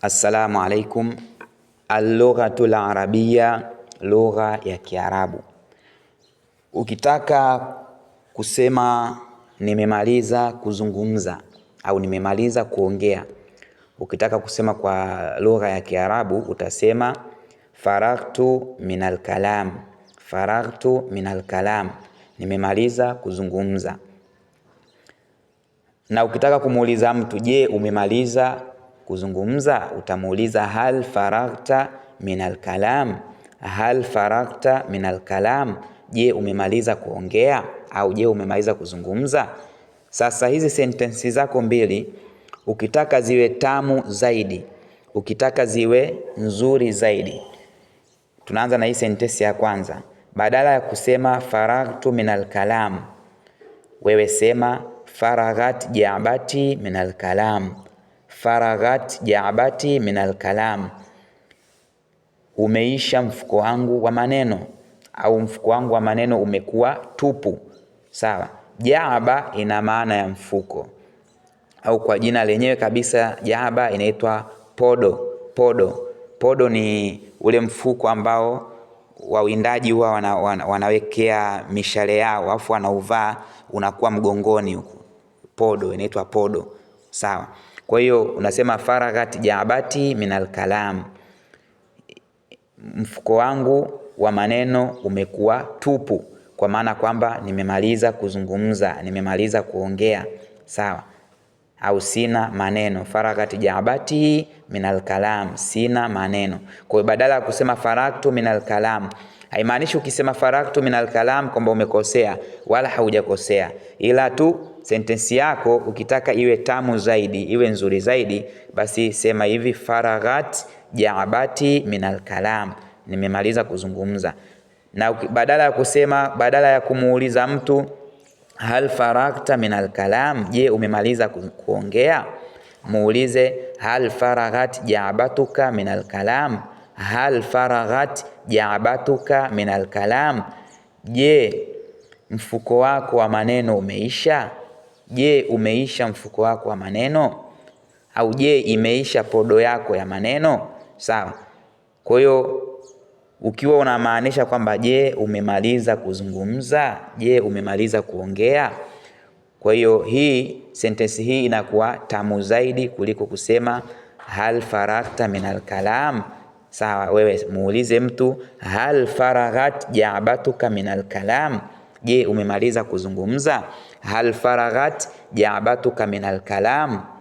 Assalamu alaikum. Allughatu larabiya lugha ya Kiarabu. Ukitaka kusema nimemaliza kuzungumza au nimemaliza kuongea, ukitaka kusema kwa lugha ya Kiarabu utasema faraghtu minal kalam, faraghtu minal kalam, nimemaliza kuzungumza. Na ukitaka kumuuliza mtu, je, umemaliza kuzungumza utamuuliza hal faraghta min alkalam, hal faraghta min alkalam, je, umemaliza kuongea au je, umemaliza kuzungumza. Sasa hizi sentensi zako mbili ukitaka ziwe tamu zaidi, ukitaka ziwe nzuri zaidi, tunaanza na hii sentensi ya kwanza. Badala ya kusema faraghtu min alkalam, wewe sema faraghat jabati min alkalam faraghat jaabati min alkalam, umeisha mfuko wangu wa maneno au mfuko wangu wa maneno umekuwa tupu. Sawa, jaaba ina maana ya mfuko, au kwa jina lenyewe kabisa jaaba inaitwa podo. Podo, podo ni ule mfuko ambao wawindaji huwa wana, wana, wanawekea mishale yao afu wanauvaa unakuwa mgongoni huku. Podo inaitwa podo. Sawa. Kwa hiyo unasema faraghat jaabati min alkalam, mfuko wangu wa maneno umekuwa tupu, kwa maana kwamba nimemaliza kuzungumza, nimemaliza kuongea, sawa au sina maneno. Faraghat jaabati min alkalam, sina maneno. Kwa hiyo badala ya kusema faragtu min alkalam haimaanishi ukisema faraktu min alkalam kwamba umekosea, wala haujakosea, ila tu sentensi yako ukitaka iwe tamu zaidi, iwe nzuri zaidi, basi sema hivi faraghat jaabati min alkalam, nimemaliza kuzungumza. Na badala ya kusema, badala ya kumuuliza mtu hal faragta min alkalam, je, umemaliza kuongea? Muulize hal faraghat jaabatuka min alkalam, hal faraghat jaabatuka min alkalam, je mfuko wako wa maneno umeisha? Je, umeisha mfuko wako wa maneno? Au je, imeisha podo yako ya maneno? Sawa. Kwa hiyo ukiwa unamaanisha kwamba je, umemaliza kuzungumza? Je, umemaliza kuongea? Kwa hiyo hii sentensi hii inakuwa tamu zaidi kuliko kusema hal faragta min alkalam. Sawa, wewe muulize mtu hal faraghat jabatuka min alkalam, je, umemaliza kuzungumza? hal faraghat jaabatuka min alkalam